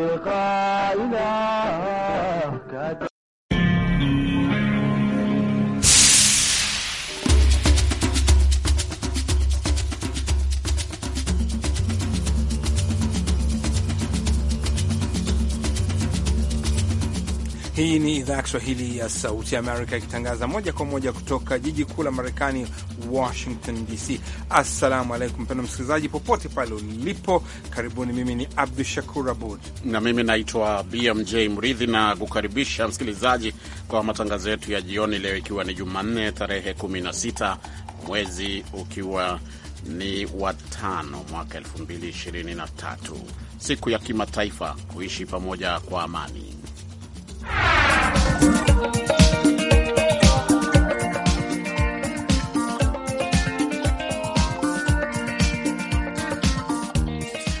لقائنا Hii ni idhaa ya Kiswahili ya Sauti Amerika ikitangaza moja kwa moja kutoka jiji kuu la Marekani, Washington DC. Assalamu alaikum mpendo msikilizaji, popote pale ulipo, karibuni. Mimi ni Abdu Shakur Abud na mimi naitwa BMJ Mridhi na kukaribisha msikilizaji kwa matangazo yetu ya jioni leo, ikiwa ni Jumanne tarehe 16 mwezi ukiwa ni wa tano mwaka 2023 siku ya kimataifa kuishi pamoja kwa amani.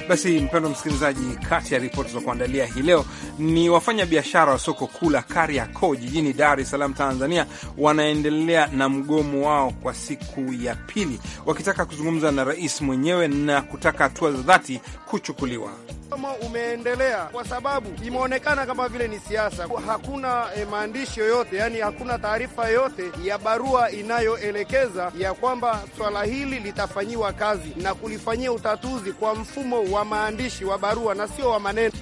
Basi mpendo msikilizaji, kati ya ripoti za kuandalia hii leo ni wafanya biashara wa soko kuu la Kariakoo jijini Dar es Salaam, Tanzania, wanaendelea na mgomo wao kwa siku ya pili, wakitaka kuzungumza na rais mwenyewe na kutaka hatua za dhati kuchukuliwa kama umeendelea kwa sababu imeonekana kama vile ni siasa. Hakuna e, maandishi yoyote, yani hakuna taarifa yoyote ya barua inayoelekeza ya kwamba swala hili litafanyiwa kazi na kulifanyia utatuzi kwa mfumo wa maandishi wa barua na sio wa maneno.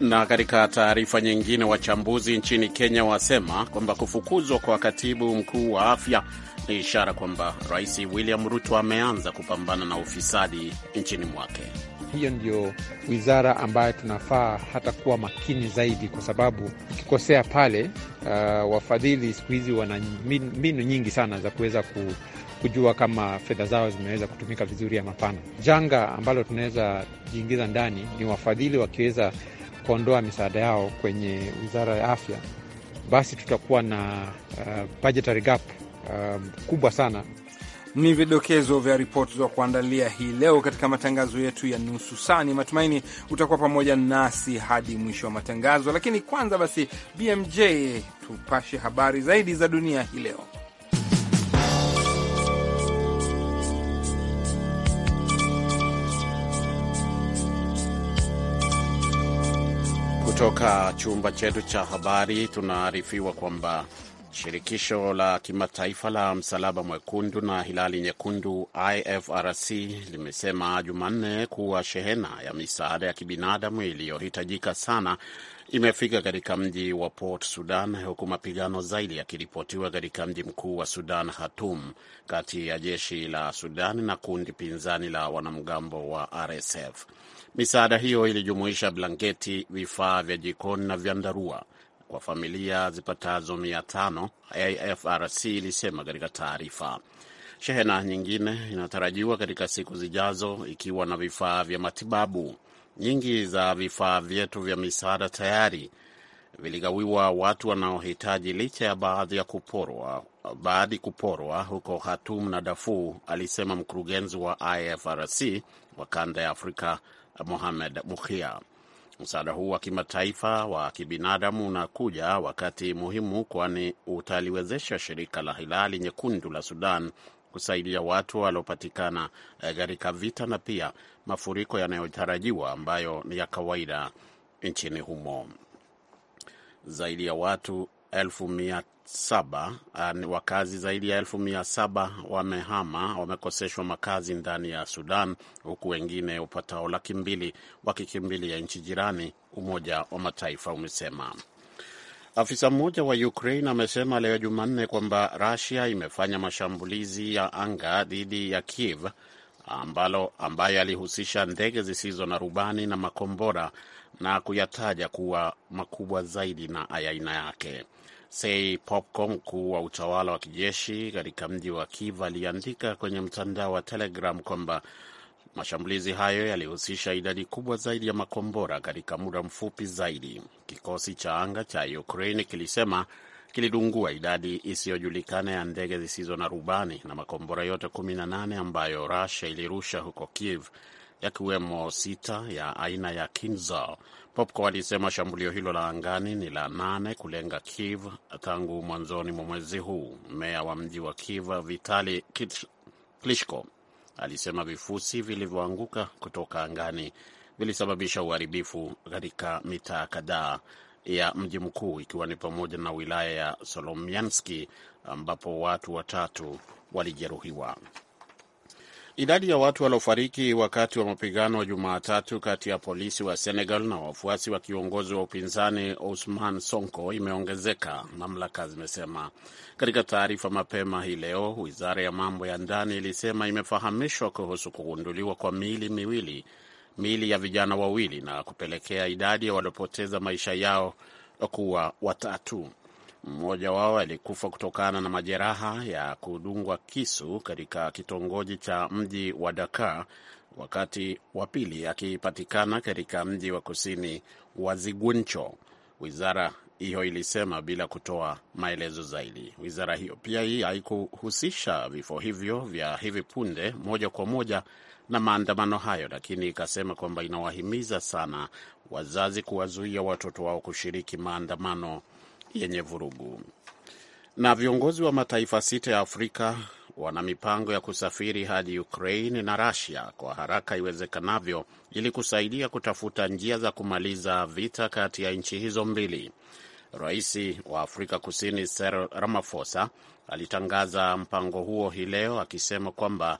Na katika taarifa nyingine, wachambuzi nchini Kenya wasema kwamba kufukuzwa kwa katibu mkuu wa afya ni ishara kwamba Rais William Ruto ameanza kupambana na ufisadi nchini mwake hiyo ndio wizara ambayo tunafaa hata kuwa makini zaidi, kwa sababu ukikosea pale, uh, wafadhili siku hizi wana mbinu nyingi sana za kuweza ku kujua kama fedha zao zimeweza kutumika vizuri ama hapana. Janga ambalo tunaweza jiingiza ndani ni wafadhili wakiweza kuondoa misaada yao kwenye wizara ya afya, basi tutakuwa na uh, budgetary gap uh, kubwa sana ni vidokezo vya ripoti za kuandalia hii leo katika matangazo yetu ya nusu saa. Ni matumaini utakuwa pamoja nasi hadi mwisho wa matangazo, lakini kwanza basi, BMJ tupashe habari zaidi za dunia hii leo. Kutoka chumba chetu cha habari tunaarifiwa kwamba Shirikisho la kimataifa la Msalaba Mwekundu na Hilali Nyekundu IFRC limesema Jumanne kuwa shehena ya misaada ya kibinadamu iliyohitajika sana imefika katika mji wa Port Sudan, huku mapigano zaidi yakiripotiwa katika mji mkuu wa Sudan, Khartoum, kati ya jeshi la Sudan na kundi pinzani la wanamgambo wa RSF. Misaada hiyo ilijumuisha blanketi, vifaa vya jikoni na vyandarua kwa familia zipatazo mia tano, AFRC ilisema katika taarifa. Shehena nyingine inatarajiwa katika siku zijazo, ikiwa na vifaa vya matibabu. Nyingi za vifaa vyetu vya misaada tayari viligawiwa watu wanaohitaji, licha ya baadhi ya kuporwa, baadhi kuporwa huko Khartoum na Darfur, alisema mkurugenzi wa IFRC wa kanda ya Afrika Mohamed Mukhia. Msaada huu wa kimataifa wa kibinadamu unakuja wakati muhimu, kwani utaliwezesha shirika la Hilali Nyekundu la Sudan kusaidia watu waliopatikana eh, katika vita na pia mafuriko yanayotarajiwa ambayo ni ya kawaida nchini humo. Zaidi ya watu elfu mia saba uh, wakazi zaidi ya elfu mia saba wamehama wamekoseshwa makazi ndani ya Sudan, huku wengine upatao laki mbili wakikimbilia nchi jirani, Umoja wa Mataifa umesema. Afisa mmoja wa Ukraine amesema leo Jumanne kwamba Russia imefanya mashambulizi ya anga dhidi ya Kiev ambalo ambayo alihusisha ndege zisizo na rubani na makombora na kuyataja kuwa makubwa zaidi na aina yake. Sei Popko, mkuu wa utawala wa kijeshi katika mji wa Kiev, aliandika kwenye mtandao wa Telegram kwamba mashambulizi hayo yalihusisha idadi kubwa zaidi ya makombora katika muda mfupi zaidi. Kikosi cha anga cha Ukraine kilisema kilidungua idadi isiyojulikana ya ndege zisizo na rubani na makombora yote 18 ambayo Russia ilirusha huko Kiev yakiwemo sita ya aina ya Kinzhal. Popko alisema shambulio hilo la angani ni la nane kulenga Kiev tangu mwanzoni mwa mwezi huu. Meya wa mji wa Kiev Vitali klishko alisema vifusi vilivyoanguka kutoka angani vilisababisha uharibifu katika mitaa kadhaa ya mji mkuu ikiwa ni pamoja na wilaya ya Solomianski ambapo watu watatu walijeruhiwa. Idadi ya watu waliofariki wakati wa mapigano Jumatatu kati ya polisi wa Senegal na wafuasi wa kiongozi wa upinzani usman Sonko imeongezeka, mamlaka zimesema katika taarifa mapema hii leo. Wizara ya mambo ya ndani ilisema imefahamishwa kuhusu kugunduliwa kwa miili miwili, miili ya vijana wawili, na kupelekea idadi ya waliopoteza maisha yao kuwa watatu. Mmoja wao alikufa kutokana na majeraha ya kudungwa kisu katika kitongoji cha mji wa Dakar, wakati wa pili akipatikana katika mji wa kusini wa Ziguncho. Wizara hiyo ilisema bila kutoa maelezo zaidi. Wizara hiyo pia hii haikuhusisha vifo hivyo vya hivi punde moja kwa moja na maandamano hayo, lakini ikasema kwamba inawahimiza sana wazazi kuwazuia watoto wao kushiriki maandamano yenye vurugu. Na viongozi wa mataifa sita ya Afrika wana mipango ya kusafiri hadi Ukraine na Russia kwa haraka iwezekanavyo ili kusaidia kutafuta njia za kumaliza vita kati ya nchi hizo mbili. Rais wa Afrika Kusini Cyril Ramaphosa alitangaza mpango huo hii leo akisema kwamba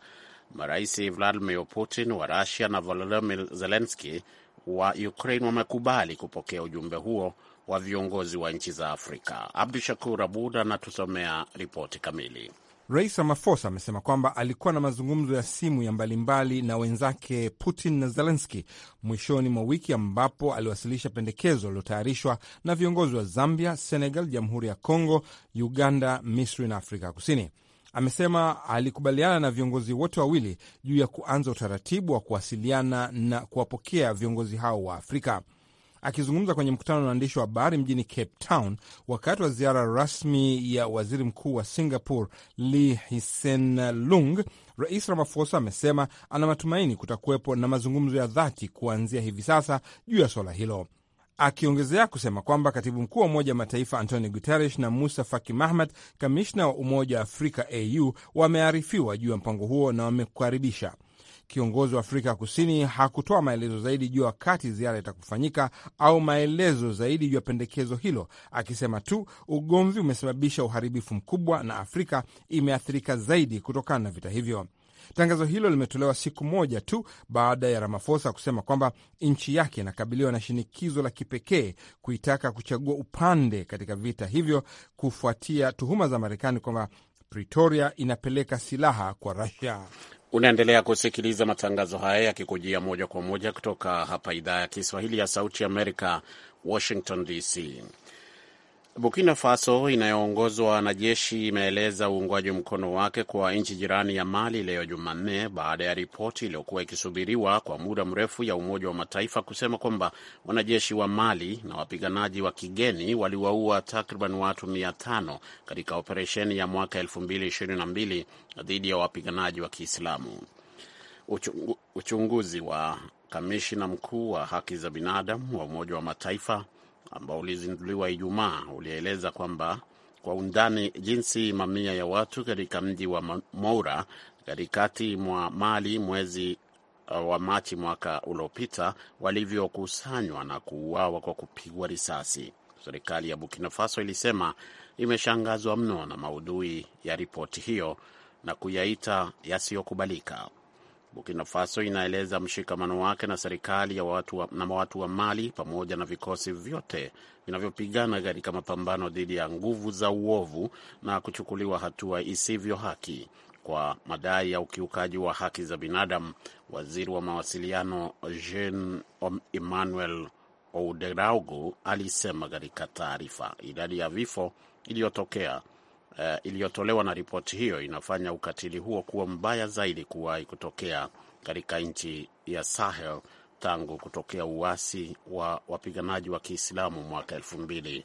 marais Vladimir Putin wa Russia na Volodymyr Zelensky wa Ukraine wamekubali kupokea ujumbe huo wa viongozi wa nchi za Afrika. Abdu Shakur Abud anatusomea ripoti kamili. Rais Ramaphosa amesema kwamba alikuwa na mazungumzo ya simu ya mbalimbali na wenzake Putin na Zelenski mwishoni mwa wiki ambapo aliwasilisha pendekezo lililotayarishwa na viongozi wa Zambia, Senegal, Jamhuri ya Kongo, Uganda, Misri na Afrika Kusini. Amesema alikubaliana na viongozi wote wawili juu ya kuanza utaratibu wa kuwasiliana na kuwapokea viongozi hao wa Afrika. Akizungumza kwenye mkutano na waandishi wa habari mjini Cape Town wakati wa ziara rasmi ya waziri mkuu wa Singapore Lee Hsien Loong, Rais Ramaphosa amesema ana matumaini kutakuwepo na mazungumzo ya dhati kuanzia hivi sasa juu ya suala hilo, akiongezea kusema kwamba katibu mkuu wa Umoja wa Mataifa Antonio Guterres na Musa Faki Mahamat, kamishna wa Umoja wa Afrika au wamearifiwa juu ya mpango huo na wamekaribisha Kiongozi wa Afrika Kusini hakutoa maelezo zaidi juu ya wakati ziara itakufanyika au maelezo zaidi juu ya pendekezo hilo, akisema tu ugomvi umesababisha uharibifu mkubwa na Afrika imeathirika zaidi kutokana na vita hivyo. Tangazo hilo limetolewa siku moja tu baada ya Ramaphosa kusema kwamba nchi yake inakabiliwa na shinikizo la kipekee kuitaka kuchagua upande katika vita hivyo kufuatia tuhuma za Marekani kwamba Pretoria inapeleka silaha kwa Russia. Unaendelea kusikiliza matangazo haya yakikujia moja kwa moja kutoka hapa idhaa ya Kiswahili ya Sauti Amerika, Washington DC. Burkina Faso inayoongozwa na jeshi imeeleza uungwaji mkono wake kwa nchi jirani ya Mali leo Jumanne, baada ya ripoti iliyokuwa ikisubiriwa kwa muda mrefu ya Umoja wa Mataifa kusema kwamba wanajeshi wa Mali na wapiganaji wa kigeni waliwaua takriban watu 5 katika operesheni ya mwaka 2022 dhidi ya wapiganaji wa Kiislamu. Uchunguzi wa kamishina mkuu wa haki za binadamu wa Umoja wa Mataifa ambao ulizinduliwa Ijumaa ulieleza kwamba kwa undani jinsi mamia ya watu katika mji wa Moura katikati mwa Mali mwezi uh, wa Machi mwaka uliopita walivyokusanywa na kuuawa kwa kupigwa risasi. Serikali ya Burkina Faso ilisema imeshangazwa mno na maudhui ya ripoti hiyo na kuyaita yasiyokubalika. Burkina Faso inaeleza mshikamano wake na serikali ya watu wa, na watu wa Mali pamoja na vikosi vyote vinavyopigana katika mapambano dhidi ya nguvu za uovu na kuchukuliwa hatua isivyo haki kwa madai ya ukiukaji wa haki za binadamu. Waziri wa mawasiliano Jean Emmanuel Ouderaugu alisema katika taarifa idadi ya vifo iliyotokea uh, iliyotolewa na ripoti hiyo inafanya ukatili huo kuwa mbaya zaidi kuwahi kutokea katika nchi ya Sahel tangu kutokea uasi wa wapiganaji wa Kiislamu mwaka 212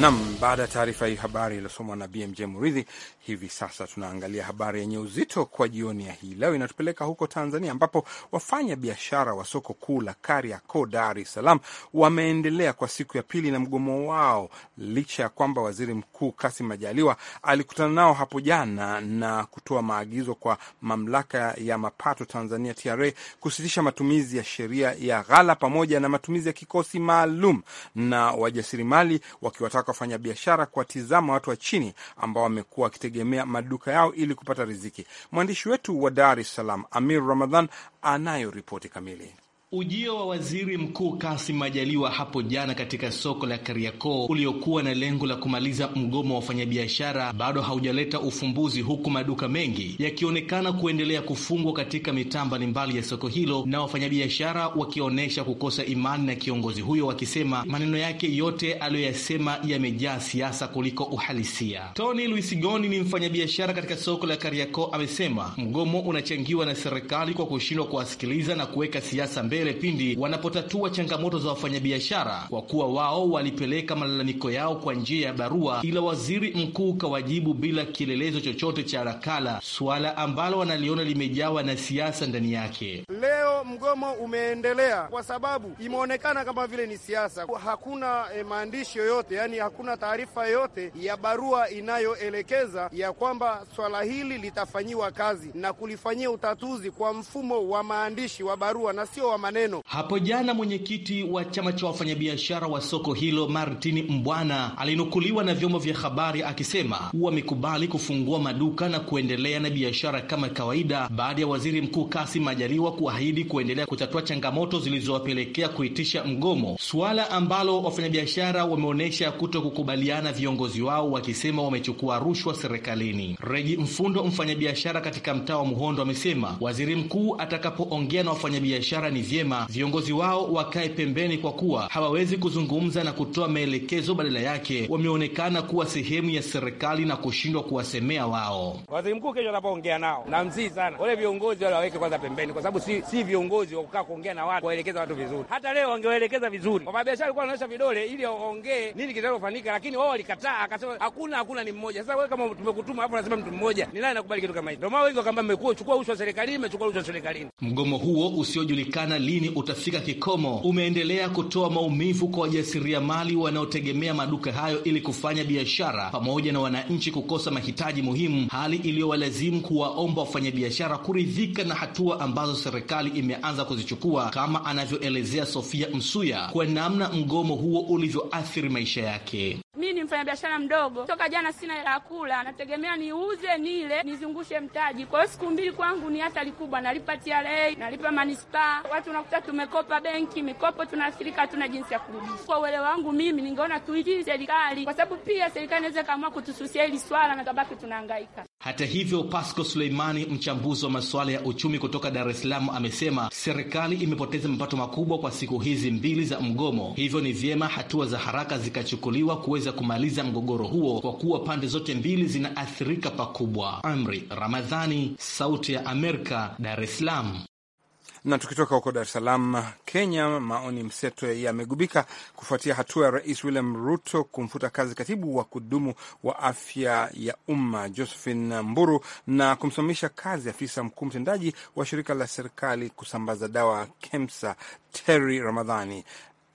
Naam, Baada ya taarifa hii habari iliyosomwa na BMJ Muridhi, hivi sasa tunaangalia habari yenye uzito kwa jioni ya hii leo. Inatupeleka huko Tanzania, ambapo wafanya biashara wa soko kuu la Kariakoo, Dar es Salaam, wameendelea kwa siku ya pili na mgomo wao licha ya kwamba waziri mkuu Kassim Majaliwa alikutana nao hapo jana na kutoa maagizo kwa mamlaka ya mapato Tanzania, TRA, kusitisha matumizi ya sheria ya ghala pamoja na matumizi ya kikosi maalum na wajasirimali wakiwataka wafanya biashara kuwatizama watu wa chini ambao wamekuwa wakitegemea maduka yao ili kupata riziki. Mwandishi wetu wa Dar es Salaam, Amir Ramadhan, anayo ripoti kamili. Ujio wa waziri mkuu kasim Majaliwa hapo jana katika soko la Kariakoo uliokuwa na lengo la kumaliza mgomo wa wafanyabiashara bado haujaleta ufumbuzi, huku maduka mengi yakionekana kuendelea kufungwa katika mitaa mbalimbali ya soko hilo, na wafanyabiashara wakionyesha kukosa imani na kiongozi huyo, wakisema maneno yake yote aliyoyasema yamejaa siasa kuliko uhalisia. Tony Luisigoni ni mfanyabiashara katika soko la Kariakoo, amesema mgomo unachangiwa na serikali kwa kushindwa kuwasikiliza na kuweka siasa mbele mbele pindi wanapotatua changamoto za wafanyabiashara, kwa kuwa wao walipeleka malalamiko yao kwa njia ya barua, ila waziri mkuu kawajibu bila kielelezo chochote cha nakala, suala ambalo wanaliona limejawa na siasa ndani yake. Leo mgomo umeendelea kwa sababu imeonekana kama vile ni siasa. Hakuna e, maandishi yoyote, yani hakuna taarifa yoyote ya barua inayoelekeza ya kwamba swala hili litafanyiwa kazi na kulifanyia utatuzi kwa mfumo wa maandishi wa barua na sio wa maneno. Hapo jana mwenyekiti wa chama cha wafanyabiashara wa soko hilo Martin Mbwana alinukuliwa na vyombo vya habari akisema wamekubali kufungua maduka na kuendelea na biashara kama kawaida baada ya waziri mkuu Kassim Majaliwa kuahidi kuendelea kutatua changamoto zilizowapelekea kuitisha mgomo, suala ambalo wafanyabiashara wameonyesha kuto kukubaliana, viongozi wao wakisema wamechukua rushwa serikalini. Regi Mfundo, mfanyabiashara katika mtaa wa Muhondo, amesema waziri mkuu atakapoongea na wafanyabiashara ni vyema viongozi wao wakae pembeni, kwa kuwa hawawezi kuzungumza na kutoa maelekezo, badala yake wameonekana kuwa sehemu ya serikali na kushindwa kuwasemea wao. Waziri mkuu kesho anapoongea nao, namsii sana wale viongozi wale waweke kwanza pembeni, kwa sababu si, si viongozi wa kukaa kuongea na watu, kuwaelekeza watu vizuri. Hata leo wangewaelekeza vizuri, wafanyabiashara walikuwa wanaonyesha vidole ili waongee nini kitakachofanyika, lakini wao walikataa, akasema hakuna, hakuna ni mmoja. Sasa wewe kama tumekutuma hapo, nasema mtu mmoja, ni nani anakubali kitu kama hicho? Ndio maana wengi wakaambia mmekuwa chukua rushwa serikalini, mmechukua rushwa serikalini. Mgomo huo usiojulikana lini utafika kikomo, umeendelea kutoa maumivu kwa wajasiriamali wanaotegemea maduka hayo ili kufanya biashara, pamoja na wananchi kukosa mahitaji muhimu, hali iliyowalazimu kuwaomba wafanyabiashara kuridhika na hatua ambazo serikali imeanza kuzichukua, kama anavyoelezea Sofia Msuya kwa namna mgomo huo ulivyoathiri maisha yake. Mi ni mfanyabiashara mdogo, toka jana sina hela ya kula, nategemea niuze, nile, nizungushe mtaji. Kwa hiyo siku mbili kwangu ni hatari kubwa. Nalipa TRA, nalipa manispaa, watu unakuta tumekopa benki, mikopo tunaathirika, hatuna jinsi ya kurudisha. Kwa uelewa wangu mimi, ningeona tuitii serikali, kwa sababu pia serikali inaweza ikaamua kutususia hili swala na tabaki tunahangaika. Hata hivyo, Pasco Suleimani, mchambuzi wa masuala ya uchumi kutoka Dar es Salaam, amesema serikali imepoteza mapato makubwa kwa siku hizi mbili za mgomo, hivyo ni vyema hatua za haraka zikachukuliwa kuweza kumaliza mgogoro huo kwa kuwa pande zote mbili zinaathirika pakubwa. Amri Ramadhani, Sauti ya Amerika, Dar es Salaam. Na tukitoka huko Dar es Salaam, Kenya, maoni mseto yamegubika kufuatia hatua ya Rais William Ruto kumfuta kazi katibu wa kudumu wa afya ya umma Josephine Mburu na kumsimamisha kazi afisa mkuu mtendaji wa shirika la serikali kusambaza dawa KEMSA Terry Ramadhani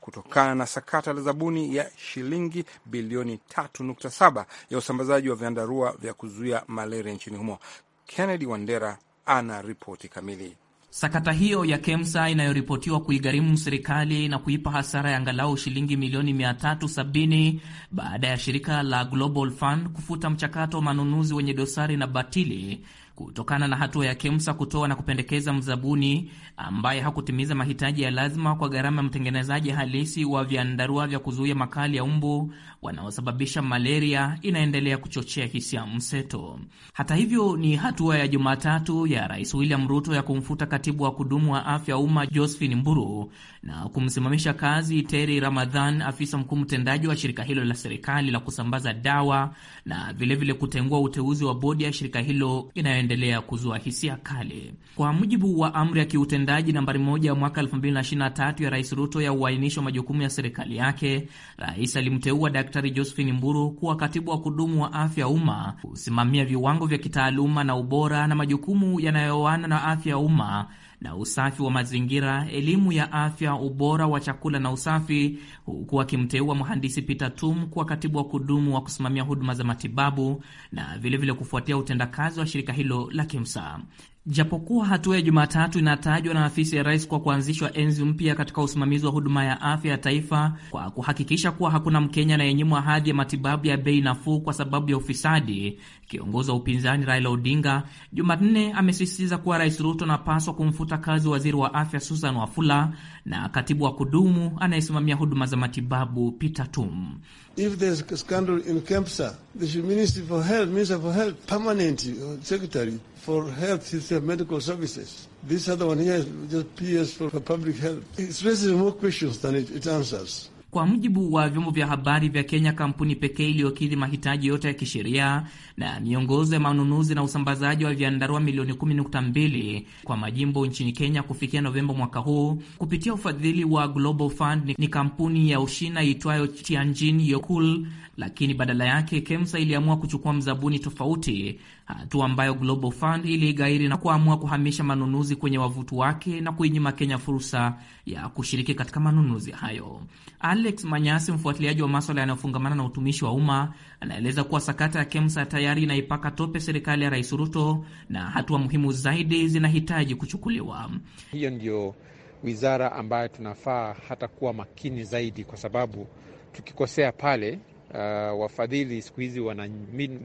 kutokana na sakata la zabuni ya shilingi bilioni 3.7 ya usambazaji wa vyandarua vya kuzuia malaria nchini humo. Kennedy Wandera ana ripoti kamili. Sakata hiyo ya Kemsa inayoripotiwa kuigharimu serikali na kuipa hasara ya angalau shilingi milioni 370 baada ya shirika la Global Fund kufuta mchakato wa manunuzi wenye dosari na batili kutokana na hatua ya KEMSA kutoa na kupendekeza mzabuni ambaye hakutimiza mahitaji ya lazima kwa gharama ya mtengenezaji halisi wa vyandarua vya kuzuia makali ya umbu wanaosababisha malaria inaendelea kuchochea hisia mseto. Hata hivyo, ni hatua ya Jumatatu ya Rais William Ruto ya kumfuta katibu wa kudumu wa afya umma Josephine Mburu na kumsimamisha kazi Teri Ramadhan, afisa mkuu mtendaji wa shirika hilo la serikali la kusambaza dawa na vilevile vile kutengua uteuzi wa bodi ya shirika hilo inayo unaendelea kuzua hisia kali. Kwa mujibu wa amri ya kiutendaji nambari moja ya mwaka 2023 ya Rais Ruto ya uainisho wa majukumu ya serikali yake, rais alimteua Daktari Josephine Mburu kuwa katibu wa kudumu wa afya ya umma, kusimamia viwango vya kitaaluma na ubora na majukumu yanayoana na afya ya umma na usafi wa mazingira, elimu ya afya, ubora wa chakula na usafi, huku akimteua mhandisi Peter Tum kuwa katibu wa kudumu wa kusimamia huduma za matibabu na vilevile vile kufuatia utendakazi wa shirika hilo la kemsa Japokuwa hatua ya Jumatatu inatajwa na afisi ya rais kwa kuanzishwa enzi mpya katika usimamizi wa huduma ya afya ya taifa kwa kuhakikisha kuwa hakuna Mkenya anayenyimwa hadhi ya matibabu ya bei nafuu kwa sababu ya ufisadi, kiongozi wa upinzani Raila Odinga Jumanne amesisitiza kuwa Rais Ruto anapaswa kumfuta kazi waziri wa afya Susan Wafula na katibu wa kudumu anayesimamia huduma za matibabu Peter Tum. If there's a scandal in KEMSA, minister for health, minister for health, permanent uh, secretary for health system, medical services. This other one here is just PS for public health. It raises more questions than it, it answers. Kwa mujibu wa vyombo vya habari vya Kenya, kampuni pekee iliyokidhi mahitaji yote ya kisheria na miongozo ya manunuzi na usambazaji wa vyandarua milioni 10.2 kwa majimbo nchini Kenya kufikia Novemba mwaka huu kupitia ufadhili wa Global Fund ni kampuni ya Ushina iitwayo Tianjin Yokul lakini badala yake KEMSA iliamua kuchukua mzabuni tofauti, hatua ambayo Global Fund iliigairi na kuamua kuhamisha manunuzi kwenye wavutu wake na kuinyima Kenya fursa ya kushiriki katika manunuzi hayo. Alex Manyasi, mfuatiliaji wa maswala yanayofungamana na utumishi wa umma, anaeleza kuwa sakata ya KEMSA tayari inaipaka tope serikali ya Rais Ruto na hatua muhimu zaidi zinahitaji kuchukuliwa. Hiyo ndio wizara ambayo tunafaa hata kuwa makini zaidi, kwa sababu tukikosea pale uh, wafadhili siku hizi wana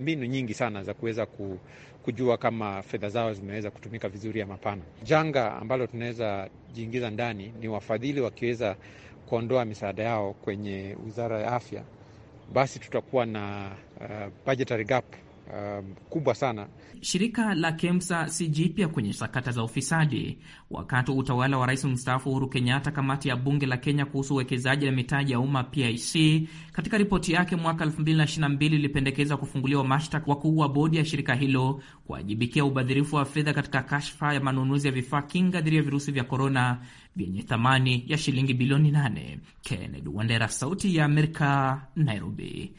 mbinu nyingi sana za kuweza kujua kama fedha zao zimeweza kutumika vizuri ama hapana. Janga ambalo tunaweza jiingiza ndani ni wafadhili wakiweza kuondoa misaada yao kwenye wizara ya afya, basi tutakuwa na uh, budgetary gap Um, kubwa sana. Shirika la KEMSA si jipya kwenye sakata za ufisadi. Wakati wa utawala wa rais mstaafu Uhuru Kenyatta, kamati ya bunge la Kenya kuhusu uwekezaji na mitaji ya umma PIC, katika ripoti yake mwaka 2022 ilipendekeza kufunguliwa mashtaka wakuu wa bodi ya shirika hilo kuwajibikia ubadhirifu wa fedha katika kashfa ya manunuzi ya vifaa kinga dhidi ya virusi vya korona vyenye thamani ya shilingi bilioni 8. Kennedy Wandera, Sauti ya Amerika, Nairobi.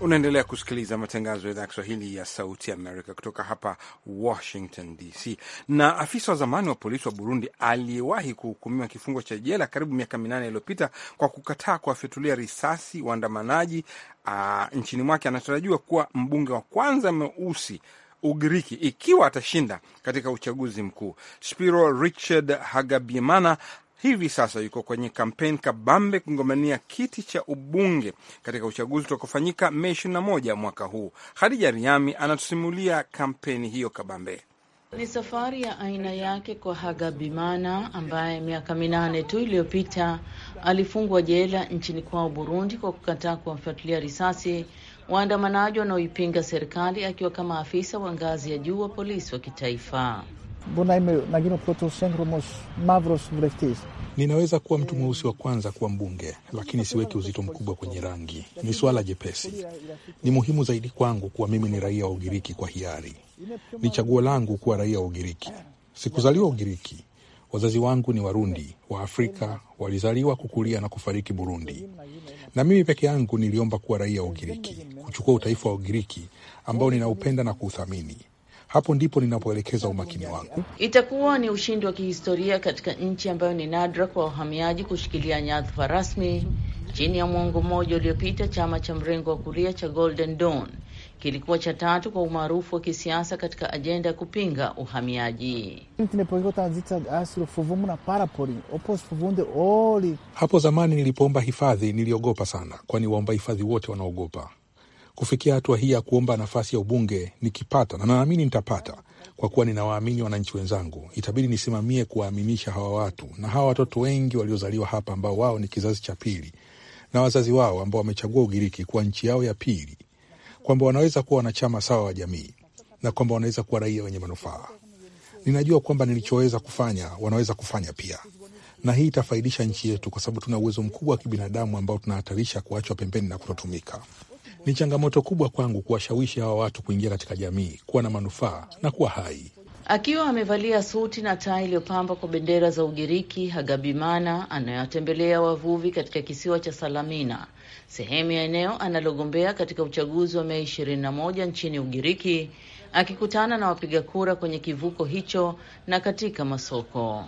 Unaendelea kusikiliza matangazo ya idhaa ya Kiswahili ya Sauti Amerika kutoka hapa Washington DC. Na afisa wa zamani wa polisi wa Burundi aliyewahi kuhukumiwa kifungo cha jela karibu miaka minane iliyopita kwa kukataa kuwafyatulia risasi waandamanaji nchini mwake anatarajiwa kuwa mbunge wa kwanza mweusi Ugiriki ikiwa atashinda katika uchaguzi mkuu. Spiro Richard Hagabimana hivi sasa yuko kwenye kampeni kabambe kugombania kiti cha ubunge katika uchaguzi utakaofanyika Mei 21 mwaka huu. Hadija Riami anatusimulia kampeni hiyo kabambe. Ni safari ya aina yake kwa Hagabimana ambaye miaka minane tu iliyopita alifungwa jela nchini kwao Burundi kwa kukataa kuwafuatilia risasi waandamanaji wanaoipinga serikali akiwa kama afisa wa ngazi ya juu wa polisi wa kitaifa. Bunaime na Gino Protosengromos Mavros Vreftis. Ninaweza kuwa mtu mweusi wa kwanza kuwa mbunge, lakini siweki uzito mkubwa kwenye rangi. Ni swala jepesi. Ni muhimu zaidi kwangu kuwa mimi ni raia wa Ugiriki kwa hiari. Ni chaguo langu kuwa raia wa Ugiriki. Sikuzaliwa Ugiriki. Wazazi wangu ni Warundi wa Afrika, walizaliwa kukulia na kufariki Burundi, na mimi peke yangu niliomba kuwa raia wa Ugiriki, kuchukua utaifa wa Ugiriki ambao ninaupenda na kuuthamini. Hapo ndipo ninapoelekeza umakini wangu. Itakuwa ni ushindi wa kihistoria katika nchi ambayo ni nadra kwa wahamiaji kushikilia nyadhifa rasmi. Chini ya mwongo mmoja uliopita, chama cha mrengo wa kulia cha Golden Dawn kilikuwa cha tatu kwa umaarufu wa kisiasa katika ajenda ya kupinga uhamiaji. Hapo zamani nilipoomba hifadhi niliogopa sana, kwani waomba hifadhi wote wanaogopa. Kufikia hatua hii ya kuomba nafasi ya ubunge nikipata, na naamini nitapata, kwa kuwa ninawaamini wananchi wenzangu, itabidi nisimamie kuwaaminisha hawa watu na hawa watoto wengi waliozaliwa hapa, ambao wao ni kizazi cha pili na wazazi wao ambao wamechagua Ugiriki kuwa nchi yao ya pili, kwamba wanaweza kuwa wanachama sawa wa jamii na kwamba wanaweza kuwa raia wenye manufaa. Ninajua kwamba nilichoweza kufanya wanaweza kufanya pia, na hii itafaidisha nchi yetu, kwa sababu tuna uwezo mkubwa wa kibinadamu ambao tunahatarisha kuachwa pembeni na kutotumika. Ni changamoto kubwa kwangu kuwashawishi hawa watu kuingia katika jamii, kuwa na manufaa na kuwa hai. Akiwa amevalia suti na tai iliyopambwa kwa bendera za Ugiriki, Hagabimana anayewatembelea wavuvi katika kisiwa cha Salamina, sehemu ya eneo analogombea katika uchaguzi wa Mei 21 nchini Ugiriki, akikutana na wapiga kura kwenye kivuko hicho na katika masoko.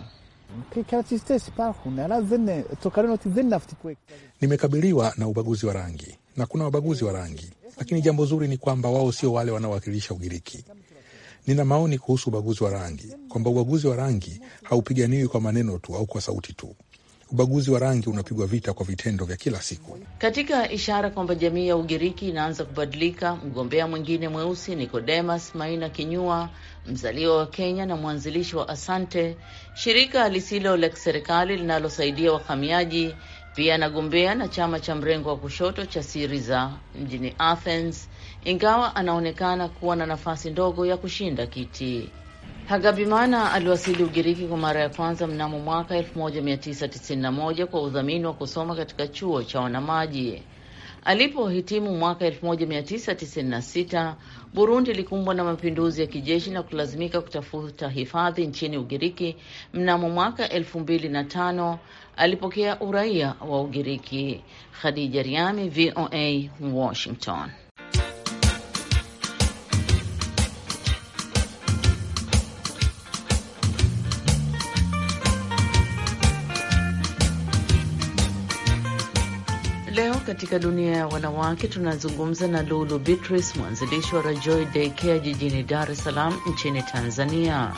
Nimekabiliwa na ubaguzi wa rangi na kuna wabaguzi wa rangi, lakini jambo zuri ni kwamba wao sio wale wanaowakilisha Ugiriki. Nina maoni kuhusu ubaguzi wa rangi kwamba ubaguzi wa rangi haupiganiwi kwa maneno tu au kwa sauti tu. Ubaguzi wa rangi unapigwa vita kwa vitendo vya kila siku. Katika ishara kwamba jamii ya Ugiriki inaanza kubadilika, mgombea mwingine mweusi nikodemas Maina Kinyua, mzaliwa wa Kenya na mwanzilishi wa Asante, shirika lisilo la kiserikali linalosaidia wahamiaji pia anagombea na chama cha mrengo wa kushoto cha siriza mjini Athens, ingawa anaonekana kuwa na nafasi ndogo ya kushinda kiti. Hagabimana aliwasili Ugiriki kwa mara ya kwanza mnamo mwaka 1991 kwa udhamini wa kusoma katika chuo cha wanamaji. Alipohitimu mwaka 1996, Burundi ilikumbwa na mapinduzi ya kijeshi na kulazimika kutafuta hifadhi nchini Ugiriki mnamo mwaka 2005 alipokea uraia wa Ugiriki. Khadija Riami, VOA, Washington. Leo katika dunia ya wanawake tunazungumza na Lulu Beatrice, mwanzilishi wa Rajoy Daycare jijini Dar es Salaam nchini Tanzania.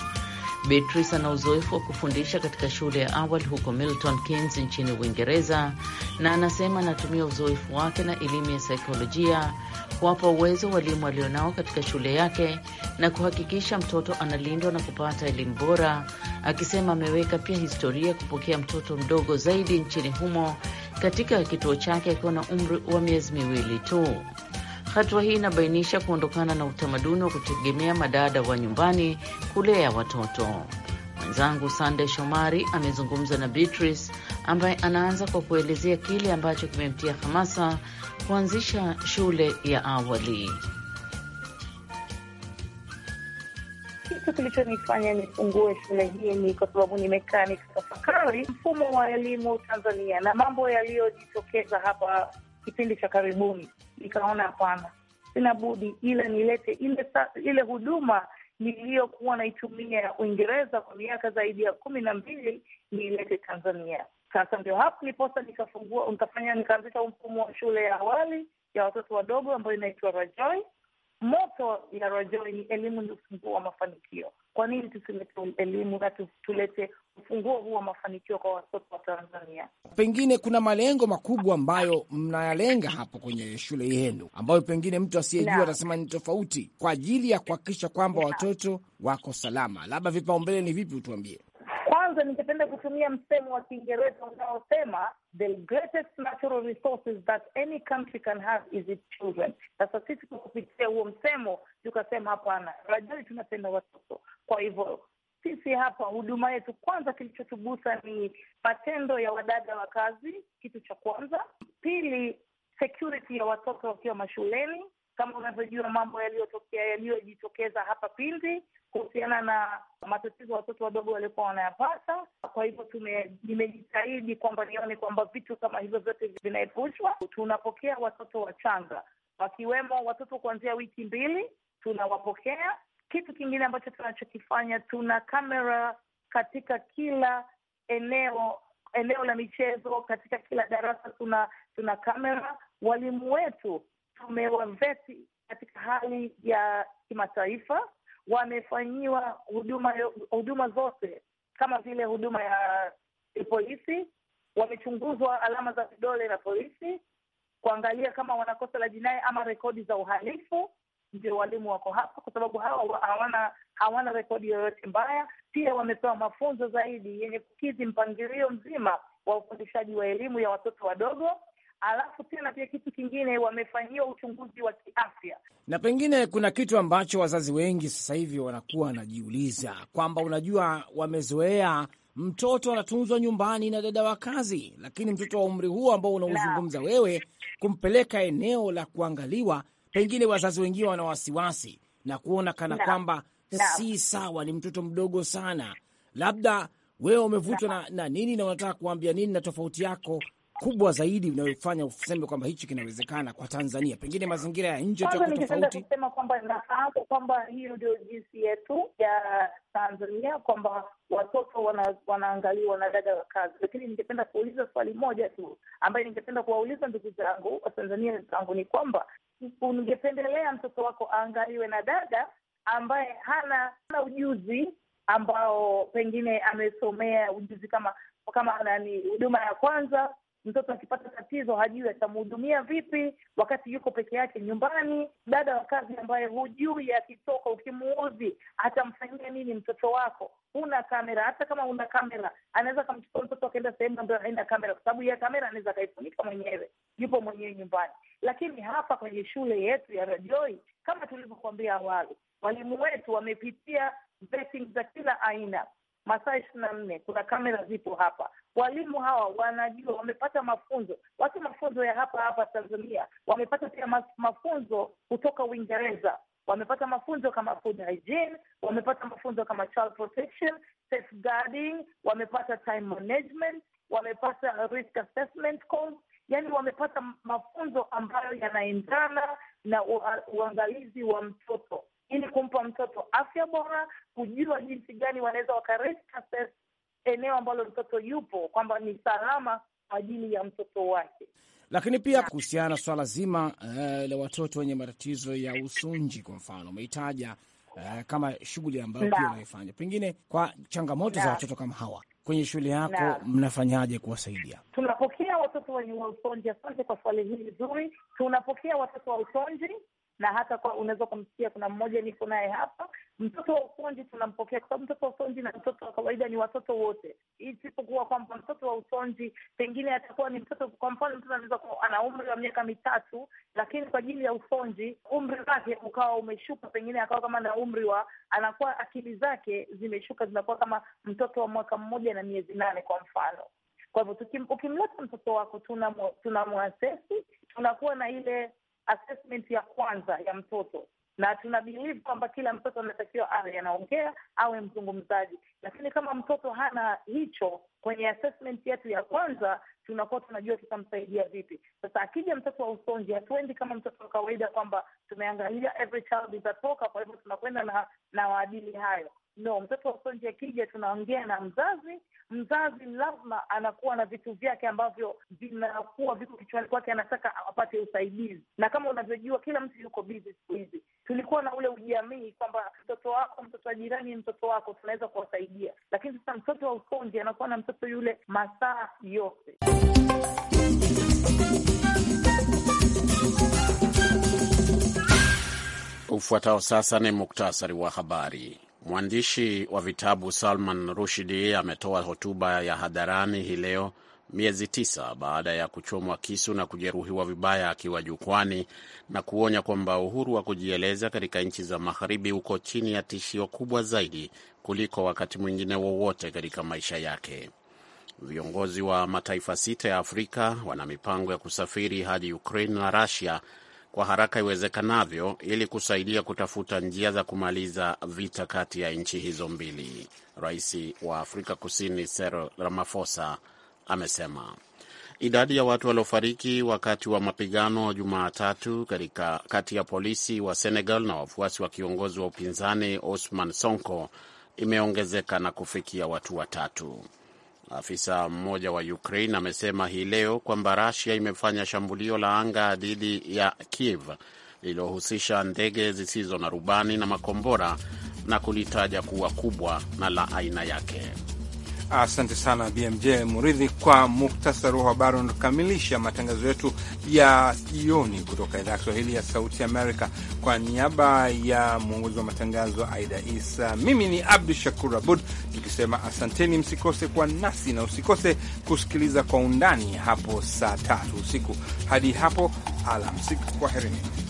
Beatrice ana uzoefu wa kufundisha katika shule ya awali huko Milton Keynes nchini Uingereza, na anasema anatumia uzoefu wake na elimu ya saikolojia kuwapa uwezo walimu alionao katika shule yake na kuhakikisha mtoto analindwa na kupata elimu bora, akisema ameweka pia historia ya kupokea mtoto mdogo zaidi nchini humo katika kituo chake akiwa na umri wa miezi miwili tu. Hatua hii inabainisha kuondokana na utamaduni wa kutegemea madada wa nyumbani kulea watoto. Mwenzangu Sande Shomari amezungumza na Beatrice ambaye anaanza kwa kuelezea kile ambacho kimemtia hamasa kuanzisha shule ya awali. Kitu kilichonifanya nifungue shule hii ni kwa sababu nimekaa nikitafakari mfumo wa elimu Tanzania na mambo yaliyojitokeza hapa kipindi cha karibuni nikaona hapana, sina budi ila nilete ile ile huduma niliyokuwa naitumia Uingereza kwa miaka zaidi ya kumi na mbili niilete Tanzania. Sasa ndio hapo niposa nikafungua nikafanya nikaanzisha mfumo wa shule ya awali ya watoto wadogo ambayo inaitwa rajoi Moto ya Rajoi ni elimu ni ufunguo wa mafanikio. Kwa nini tusilete elimu na tulete ufunguo huu wa mafanikio kwa watoto wa Tanzania? Pengine kuna malengo makubwa ambayo mnayalenga hapo kwenye shule yenu, ambayo pengine mtu asiyejua atasema ni tofauti, kwa ajili ya kuhakikisha kwamba watoto wako salama. Labda vipaumbele ni vipi? Utuambie kwanza ningependa kutumia msemo wa Kiingereza unaosema the greatest natural resources that any country can have is its children. Sasa sisi kwa kupitia huo msemo tukasema, hapana, rajai, tunapenda watoto. Kwa hivyo sisi hapa huduma yetu kwanza, kilichotugusa ni matendo ya wadada wa kazi, kitu cha kwanza. Pili, security ya watoto wakiwa mashuleni, kama unavyojua mambo yaliyotokea yaliyojitokeza hapa Pindi, kuhusiana na matatizo watoto wadogo waliokuwa wanayapata. Kwa hivyo nimejitahidi kwamba nione kwamba vitu kama hivyo vyote vinaepushwa. Tunapokea watoto wachanga, wakiwemo watoto kuanzia wiki mbili, tunawapokea. Kitu kingine ambacho tunachokifanya, tuna kamera katika kila eneo eneo la michezo, katika kila darasa tuna tuna kamera. Walimu wetu tumewaveti katika hali ya kimataifa wamefanyiwa huduma huduma zote kama vile huduma ya polisi, wamechunguzwa alama za vidole na polisi kuangalia kama wanakosa la jinai ama rekodi za uhalifu. Ndio walimu wako hapa, kwa sababu hawa hawana hawana rekodi yoyote mbaya. Pia wamepewa mafunzo zaidi yenye kukidhi mpangilio mzima wa ufundishaji wa elimu ya watoto wadogo alafu tena pia kitu kingine wamefanyiwa uchunguzi wa kiafya, na pengine kuna kitu ambacho wazazi wengi sasa hivi wanakuwa wanajiuliza kwamba, unajua, wamezoea mtoto anatunzwa nyumbani na dada wa kazi, lakini mtoto wa umri huo ambao unauzungumza wewe, kumpeleka eneo la kuangaliwa, pengine wazazi wengine wana wasiwasi na kuona kana kwamba si sawa, ni mtoto mdogo sana. Labda wewe umevutwa na, na nini na unataka kuambia nini na tofauti yako kubwa zaidi inayofanya useme kwamba hichi kinawezekana kwa Tanzania, pengine mazingira ya nje tofauti. Ningependa kusema kwamba nafahamu kwamba hiyo ndio jinsi yetu ya Tanzania kwamba watoto wana, wanaangaliwa na dada wa kazi, lakini ningependa kuuliza swali moja tu ambaye ningependa kuwauliza ndugu zangu Watanzania wenzangu ni kwamba ungependelea mtoto wako aangaliwe na dada ambaye hana, hana ujuzi ambao pengine amesomea ujuzi kama kama nani huduma ya kwanza mtoto akipata tatizo hajui atamhudumia vipi, wakati yuko peke yake nyumbani. Dada wa kazi ambaye hujui akitoka, ukimuuzi atamfanyia nini mtoto wako? Huna kamera, hata kama una kamera, anaweza akamchukua mtoto akaenda sehemu ambayo haina kamera, kwa sababu ya kamera anaweza akaifunika mwenyewe, yupo mwenyewe nyumbani. Lakini hapa kwenye shule yetu ya Rajoi, kama tulivyokuambia awali, walimu wetu wamepitia vetting za kila aina masaa ishirini na nne. Kuna kamera zipo hapa Walimu hawa wanajua, wamepata mafunzo, wacha mafunzo ya hapa hapa Tanzania, wamepata pia mafunzo kutoka Uingereza, wamepata mafunzo kama food hygiene, wamepata mafunzo kama child protection, safeguarding, wamepata time management, wamepata risk assessment course, yani wamepata mafunzo ambayo yanaendana na uangalizi wa mtoto ili kumpa mtoto afya bora, kujua jinsi gani wanaweza waka assess eneo ambalo mtoto yupo, kwamba ni salama kwa ajili ya mtoto wake. Lakini pia kuhusiana na swala zima uh, la watoto wenye matatizo ya usonji, kwa mfano umehitaja uh, eh, kama shughuli ambayo pia unaifanya, pengine kwa changamoto na za watoto kama hawa kwenye shule yako na, mnafanyaje kuwasaidia? Tunapokea watoto wenye wa usonji. Asante kwa swali hili zuri. Tunapokea watoto wa usonji na hata kwa unaweza ukamsikia, kuna mmoja niko naye hapa, mtoto wa usonji tunampokea, kwa sababu mtoto wa usonji na mtoto wa kawaida ni watoto wote, isipokuwa kwamba mtoto wa usonji pengine atakuwa ni mtoto, kwa mfano mtoto anaweza kuwa ana umri wa miaka mitatu, lakini kwa ajili ya usonji umri wake ukawa umeshuka, pengine akawa kama na umri wa anakuwa, akili zake zimeshuka, zinakuwa kama mtoto wa mwaka mmoja na miezi nane kwa mfano. Kwa hivyo ukimleta mtoto wako, tuna tuna mwasesi tunakuwa na ile assessment ya kwanza ya mtoto, na tuna believe kwamba kila mtoto anatakiwa awe anaongea, awe mzungumzaji. Lakini kama mtoto hana hicho kwenye assessment yetu ya kwanza tunakuwa tunajua tutamsaidia vipi. Sasa akija mtoto wa usonji, hatuendi kama mtoto wa kawaida kwamba tumeangalia every child talker, kwa hivyo tunakwenda na na maadili hayo. No, mtoto wa usonji akija, tunaongea na mzazi mzazi lazima anakuwa na vitu vyake ambavyo vinakuwa viko kichwani kwake, anataka apate usaidizi. Na kama unavyojua, kila mtu yuko bizi siku hizi. Tulikuwa na ule ujamii kwamba mtoto wako, mtoto wa jirani, mtoto wako, tunaweza kuwasaidia, lakini sasa mtoto wa ukonji anakuwa na mtoto yule masaa yote. Ufuatao sasa ni muktasari wa habari. Mwandishi wa vitabu Salman rushidi ametoa hotuba ya hadharani hii leo miezi tisa baada ya kuchomwa kisu na kujeruhiwa vibaya akiwa jukwani na kuonya kwamba uhuru wa kujieleza katika nchi za magharibi uko chini ya tishio kubwa zaidi kuliko wakati mwingine wowote katika maisha yake. Viongozi wa mataifa sita ya Afrika wana mipango ya kusafiri hadi Ukraine na Russia kwa haraka iwezekanavyo ili kusaidia kutafuta njia za kumaliza vita kati ya nchi hizo mbili. Rais wa Afrika Kusini Cyril Ramaphosa amesema idadi ya watu waliofariki wakati wa mapigano Jumatatu katika kati ya polisi wa Senegal na wafuasi wa kiongozi wa upinzani Osman Sonko imeongezeka na kufikia watu watatu. Afisa mmoja wa Ukraine amesema hii leo kwamba Russia imefanya shambulio la anga dhidi ya Kiev lililohusisha ndege zisizo na rubani na makombora na kulitaja kuwa kubwa na la aina yake. Asante sana BMJ Muridhi kwa muktasari wa habari unakamilisha matangazo yetu ya jioni kutoka idhaa ya Kiswahili ya Sauti Amerika. Kwa niaba ya mwongozi wa matangazo Aida Isa, mimi ni Abdu Shakur Abud tukisema asanteni, msikose kwa nasi na usikose kusikiliza kwa undani hapo saa tatu usiku. Hadi hapo alamsik, kwaherini.